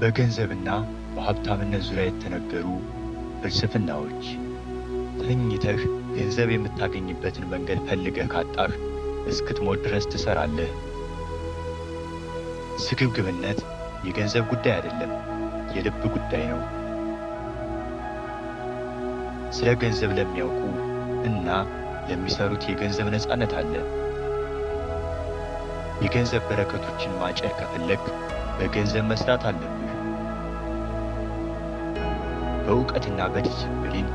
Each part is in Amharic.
በገንዘብና በሀብታምነት ዙሪያ የተነገሩ ፍልስፍናዎች። ተኝተህ ገንዘብ የምታገኝበትን መንገድ ፈልገህ ካጣህ እስክትሞት ድረስ ትሰራለህ። ስግብግብነት የገንዘብ ጉዳይ አይደለም፣ የልብ ጉዳይ ነው። ስለ ገንዘብ ለሚያውቁ እና ለሚሰሩት የገንዘብ ነፃነት አለ። የገንዘብ በረከቶችን ማጨር ከፈለግ በገንዘብ መስራት አለብህ። በእውቀትና በዲስፕሊን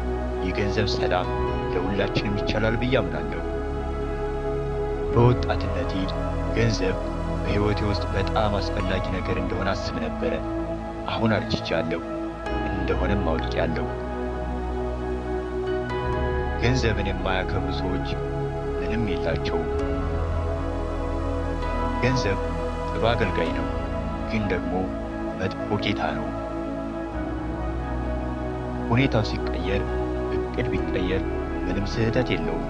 የገንዘብ ሰላም ለሁላችንም ይቻላል ብዬ አምናለሁ። በወጣትነቴ ገንዘብ በሕይወቴ ውስጥ በጣም አስፈላጊ ነገር እንደሆነ አስብ ነበረ። አሁን አርጅቻለሁ እንደሆነም አውቄያለሁ። ገንዘብን የማያከብሩ ሰዎች ምንም የላቸውም። ገንዘብ ጥሩ አገልጋይ ነው፣ ግን ደግሞ መጥፎ ጌታ ነው። ሁኔታው ሲቀየር፣ እቅድ ቢቀየር ምንም ስህተት የለውም።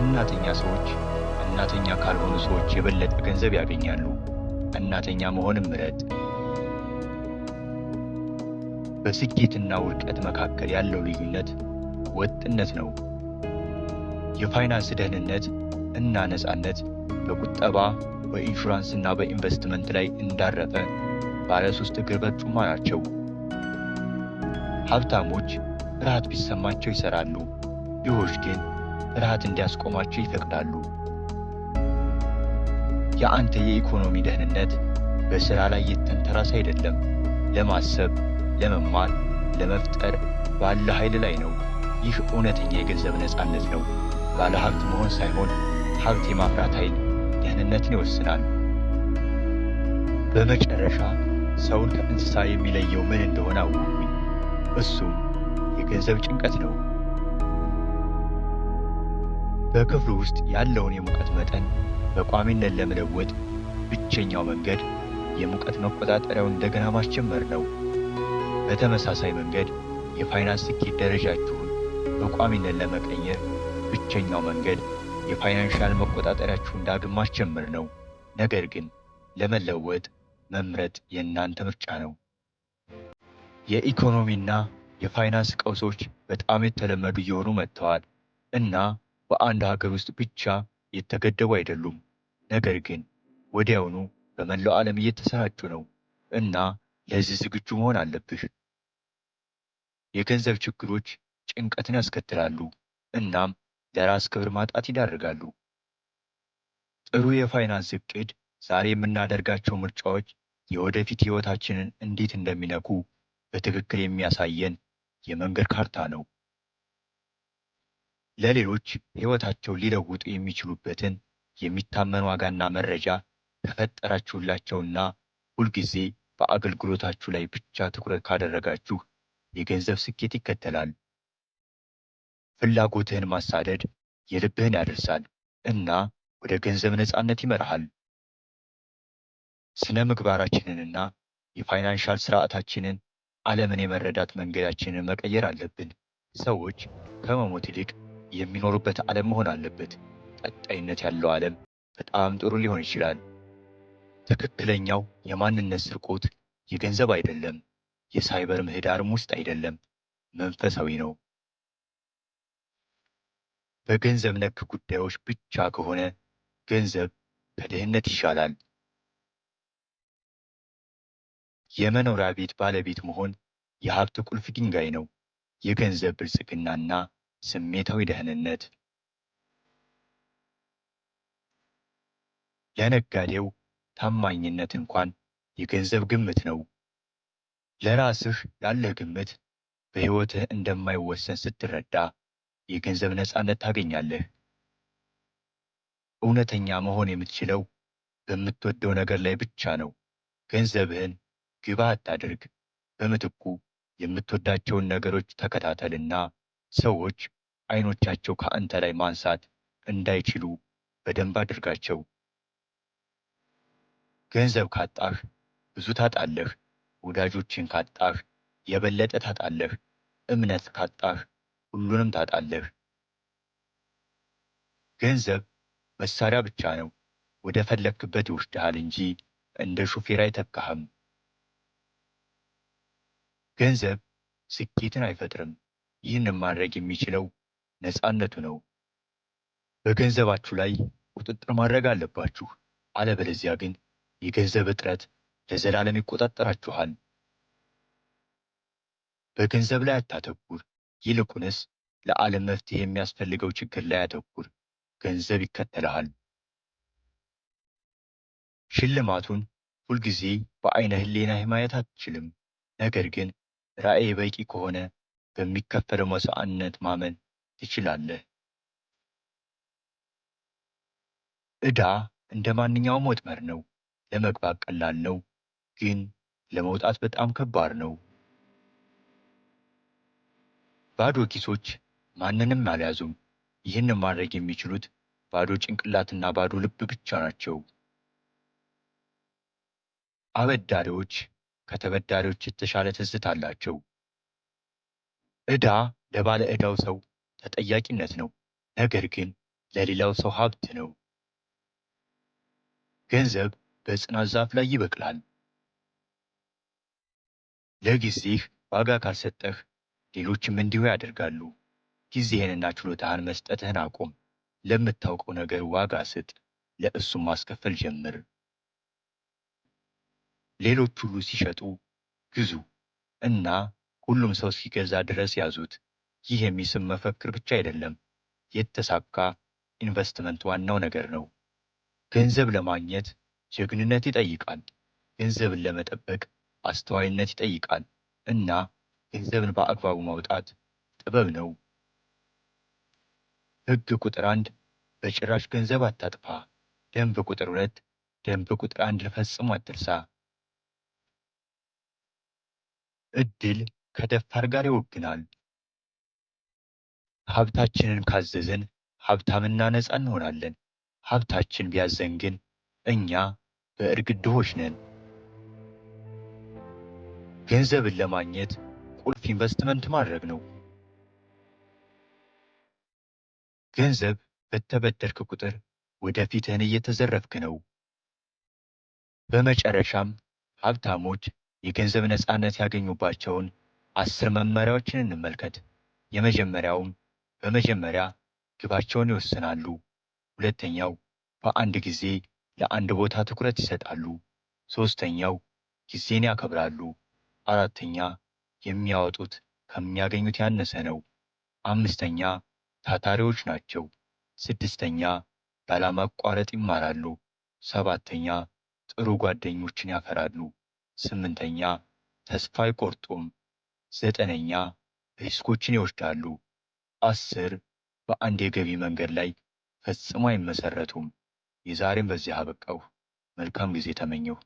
እናተኛ ሰዎች እናተኛ ካልሆኑ ሰዎች የበለጠ ገንዘብ ያገኛሉ። እናተኛ መሆንም ምረጥ። በስኬትና ውድቀት መካከል ያለው ልዩነት ወጥነት ነው። የፋይናንስ ደህንነት እና ነፃነት በቁጠባ በኢንሹራንስ እና በኢንቨስትመንት ላይ እንዳረፈ ባለ ሶስት እግር በጩማ ናቸው። ሀብታሞች ፍርሃት ቢሰማቸው ይሰራሉ፣ ድሆች ግን ፍርሃት እንዲያስቆማቸው ይፈቅዳሉ። የአንተ የኢኮኖሚ ደህንነት በሥራ ላይ የተንተራሰ አይደለም። ለማሰብ፣ ለመማር፣ ለመፍጠር ባለ ኃይል ላይ ነው። ይህ እውነተኛ የገንዘብ ነፃነት ነው። ባለ ሀብት መሆን ሳይሆን ሀብት የማፍራት ኃይል ደህንነትን ይወስናል። በመጨረሻ ሰውን ከእንስሳ የሚለየው ምን እንደሆነ አወቅኩኝ። እሱም የገንዘብ ጭንቀት ነው። በክፍሉ ውስጥ ያለውን የሙቀት መጠን በቋሚነት ለመለወጥ ብቸኛው መንገድ የሙቀት መቆጣጠሪያውን እንደገና ማስጀመር ነው። በተመሳሳይ መንገድ የፋይናንስ ስኬት ደረጃችሁን በቋሚነት ለመቀየር ብቸኛው መንገድ የፋይናንሻል መቆጣጠሪያችሁን ዳግም ማስጀመር ነው። ነገር ግን ለመለወጥ መምረጥ የእናንተ ምርጫ ነው። የኢኮኖሚና የፋይናንስ ቀውሶች በጣም የተለመዱ እየሆኑ መጥተዋል እና በአንድ ሀገር ውስጥ ብቻ የተገደቡ አይደሉም፣ ነገር ግን ወዲያውኑ በመላው ዓለም እየተሰራጩ ነው እና ለዚህ ዝግጁ መሆን አለብህ። የገንዘብ ችግሮች ጭንቀትን ያስከትላሉ እናም ለራስ ክብር ማጣት ይዳርጋሉ። ጥሩ የፋይናንስ እቅድ ዛሬ የምናደርጋቸው ምርጫዎች የወደፊት ሕይወታችንን እንዴት እንደሚነኩ በትክክል የሚያሳየን የመንገድ ካርታ ነው። ለሌሎች ሕይወታቸው ሊለውጡ የሚችሉበትን የሚታመን ዋጋና መረጃ ከፈጠራችሁላቸውና ሁልጊዜ በአገልግሎታችሁ ላይ ብቻ ትኩረት ካደረጋችሁ የገንዘብ ስኬት ይከተላል። ፍላጎትህን ማሳደድ የልብህን ያደርሳል እና ወደ ገንዘብ ነፃነት ይመራሃል። ስነ ምግባራችንንና የፋይናንሻል ስርዓታችንን ዓለምን የመረዳት መንገዳችንን መቀየር አለብን። ሰዎች ከመሞት ይልቅ የሚኖሩበት ዓለም መሆን አለበት። ቀጣይነት ያለው ዓለም በጣም ጥሩ ሊሆን ይችላል። ትክክለኛው የማንነት ስርቆት የገንዘብ አይደለም፣ የሳይበር ምህዳርም ውስጥ አይደለም፣ መንፈሳዊ ነው። በገንዘብ ነክ ጉዳዮች ብቻ ከሆነ ገንዘብ ከድህነት ይሻላል። የመኖሪያ ቤት ባለቤት መሆን የሀብት ቁልፍ ድንጋይ ነው። የገንዘብ ብልጽግናና ስሜታዊ ደህንነት። ለነጋዴው ታማኝነት እንኳን የገንዘብ ግምት ነው። ለራስህ ያለህ ግምት በሕይወትህ እንደማይወሰን ስትረዳ የገንዘብ ነፃነት ታገኛለህ። እውነተኛ መሆን የምትችለው በምትወደው ነገር ላይ ብቻ ነው። ገንዘብህን ግባ አታድርግ። በምትኩ የምትወዳቸውን ነገሮች ተከታተልና ሰዎች አይኖቻቸው ከአንተ ላይ ማንሳት እንዳይችሉ በደንብ አድርጋቸው። ገንዘብ ካጣህ ብዙ ታጣለህ። ወዳጆችን ካጣህ የበለጠ ታጣለህ። እምነት ካጣህ ሁሉንም ታጣለህ። ገንዘብ መሳሪያ ብቻ ነው፣ ወደ ፈለክበት ይወስድሃል እንጂ እንደ ሹፌር አይተካህም። ገንዘብ ስኬትን አይፈጥርም። ይህን ማድረግ የሚችለው ነፃነቱ ነው። በገንዘባችሁ ላይ ቁጥጥር ማድረግ አለባችሁ። አለበለዚያ ግን የገንዘብ እጥረት ለዘላለም ይቆጣጠራችኋል። በገንዘብ ላይ አታተኩር፣ ይልቁንስ ለዓለም መፍትሄ የሚያስፈልገው ችግር ላይ አተኩር። ገንዘብ ይከተልሃል። ሽልማቱን ሁልጊዜ በአይነ ህሌና ማየት አትችልም፣ ነገር ግን ራዕይ በቂ ከሆነ በሚከፈለው መሥዋዕትነት ማመን ትችላለህ። ዕዳ እንደ ማንኛውም ወጥመድ ነው። ለመግባት ቀላል ነው፣ ግን ለመውጣት በጣም ከባድ ነው። ባዶ ኪሶች ማንንም አልያዙም። ይህንን ማድረግ የሚችሉት ባዶ ጭንቅላትና ባዶ ልብ ብቻ ናቸው። አበዳሪዎች ከተበዳሪዎች የተሻለ ትዝታ አላቸው። ዕዳ ለባለ ዕዳው ሰው ተጠያቂነት ነው፣ ነገር ግን ለሌላው ሰው ሀብት ነው። ገንዘብ በጽናት ዛፍ ላይ ይበቅላል። ለጊዜህ ዋጋ ካልሰጠህ ሌሎችም እንዲሁ ያደርጋሉ። ጊዜህንና ችሎታህን መስጠትህን አቁም። ለምታውቀው ነገር ዋጋ ስጥ። ለእሱም ማስከፈል ጀምር። ሌሎች ሁሉ ሲሸጡ ግዙ እና ሁሉም ሰው እስኪገዛ ድረስ ያዙት። ይህ የሚስብ መፈክር ብቻ አይደለም፣ የተሳካ ኢንቨስትመንት ዋናው ነገር ነው። ገንዘብ ለማግኘት ጀግንነት ይጠይቃል። ገንዘብን ለመጠበቅ አስተዋይነት ይጠይቃል እና ገንዘብን በአግባቡ ማውጣት ጥበብ ነው። ህግ ቁጥር አንድ በጭራሽ ገንዘብ አታጥፋ። ደንብ ቁጥር ሁለት ደንብ ቁጥር አንድ ፈጽሞ አትርሳ። እድል ከደፋር ጋር ይወግናል። ሀብታችንን ካዘዘን ሀብታምና ነፃ እንሆናለን። ሀብታችን ቢያዘን ግን እኛ በእርግጥ ድሆች ነን። ገንዘብን ለማግኘት ቁልፍ ኢንቨስትመንት ማድረግ ነው። ገንዘብ በተበደርክ ቁጥር ወደፊትህን እየተዘረፍክ ነው። በመጨረሻም ሀብታሞች የገንዘብ ነፃነት ያገኙባቸውን አስር መመሪያዎችን እንመልከት። የመጀመሪያውም በመጀመሪያ ግባቸውን ይወስናሉ። ሁለተኛው በአንድ ጊዜ ለአንድ ቦታ ትኩረት ይሰጣሉ። ሦስተኛው ጊዜን ያከብራሉ። አራተኛ የሚያወጡት ከሚያገኙት ያነሰ ነው። አምስተኛ ታታሪዎች ናቸው። ስድስተኛ ባለማቋረጥ ይማራሉ። ሰባተኛ ጥሩ ጓደኞችን ያፈራሉ። ስምንተኛ ተስፋ አይቆርጡም። ዘጠነኛ ሪስኮችን ይወስዳሉ። አስር በአንድ የገቢ መንገድ ላይ ፈጽሞ አይመሰረቱም። የዛሬን በዚህ አበቃሁ። መልካም ጊዜ ተመኘሁ።